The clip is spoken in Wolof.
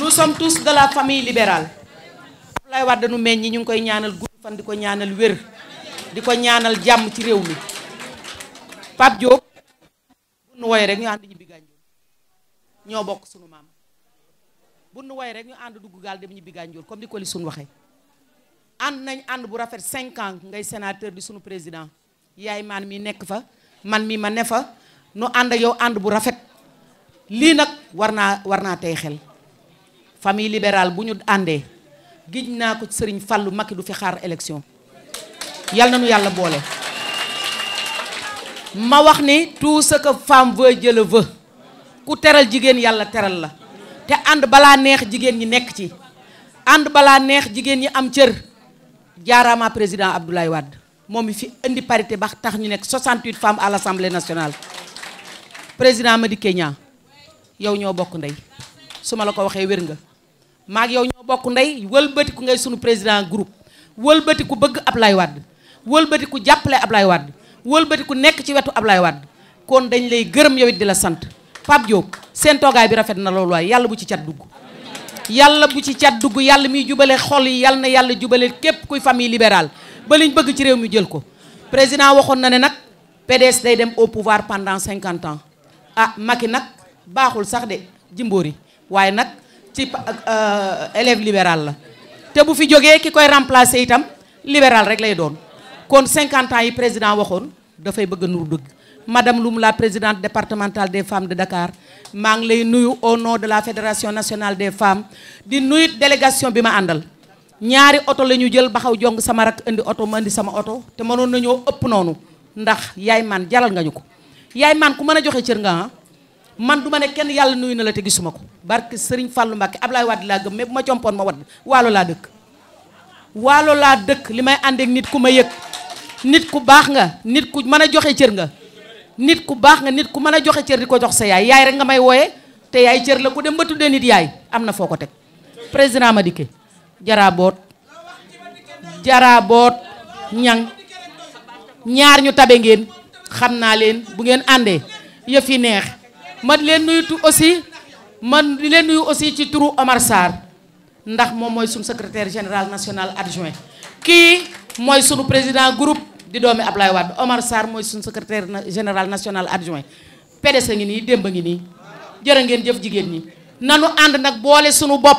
Nous sommes tous de la famille libérale. Abdoulaye Wade nu meññ ñu ngi koy ñaanal gudd fan di ko ñaanal wér di ko ñaanal jàmm ci réew mi Pape Diop bu nu woy rek ñu ànd ñibbi gànjool ñoo bokk sunu maam bu nu woy rek ñu ànd dugg gaal dem ñibbi gànjool comme di ko li sunu waxee ànd nañ ànd bu rafet cinq ans ngay sénateur di sunu président yaay maan mi nekk fa man mi ma nefa no nu yo ak yow bu rafet li nak warna warna tay xel famille libérale bu ñu àndee ko serigne fallu Macky du fi xaar élection yal nu yàlla ma wax ni tout ce que femme veut je le veux ku teral jigen yalla teral la te and bala neex jigen ñi nekk ci ànd bala neex jigen ñi am cër jaarama président Abdoulaye Wade moom mi fi indi parité ba tax ñu nekk 68 femmes à l'Assemblée nationale président Madické Kenya, yow ñoo bokk ndey su ma la ko waxee wér nga maag yow ñoo bokk ndey wëlbatiku ngay sunu président groupe wëlbatiku bëgg Ablaye Wade wëlbatiku jàppale Ablaye Wade wëlbatiku nekk ci wetu Ablaye Wade kon dañ lay gërëm yow it di la sant Pape Diop seen toogaay bi rafet na loolu waaye yàlla bu ci cat dugg yàlla bu ci cat dugg yàlla miy jubale xol yi na yàlla jubale képp kuy famille libérale ba liñ bëgg ci réew mi jël ko président waxoon na ne nag PDS day au pouvoir pendant 50 ans ah Macky nak baaxul sax de ci euh, élève libéral la te bu fi jógee ki koy remplacer libéral rek lay doon kon 50 ans yi président waxoon dafay bëgg nur madame Loum la présidente départementale des femmes de Dakar m'a ngi lay au nom de la fédération nationale des femmes di la délégation Bima ma ñaari oto la ñu jël xaw jong sama rak indi oto ma indi sama oto te mënoon nañoo ëpp noonu ndax yaay man jaral nga ñu ko yaay man ku mën a joxe cër nga ah. man du ma kenn yàlla nuyu na la te gisuma ko barke Serigne Fallou Mbacke Ablaye Wade laa gëm mais bu ma compoon ma wadd waalo laa dëkk waalo laa dëkk li may àndeek nit ku ma yëg nit ku baax nga nit ku mën a joxe cër nga nit ku baax nga nit ku mën a joxe cër di ko jox sa yaay yaay rek nga may wooye te yaay cër la ku dem ba tuddee nit yaay am na foo ko teg président ma Madické jarabot jarabot nyang ñaar ñu tabe ngeen xamna leen bu ngeen andé ye fi neex ma leen nuyu aussi man di leen nuyu aussi ci turu Omar Sar. ndax mom moy sun secrétaire général national adjoint ki moy suñu président groupe di doomi Ablaye wad Omar Sar moy sun secrétaire général national adjoint PDS ngi ni demb ngi ni jërë ngeen jëf jigéen ni nanu and nak boole sunu bop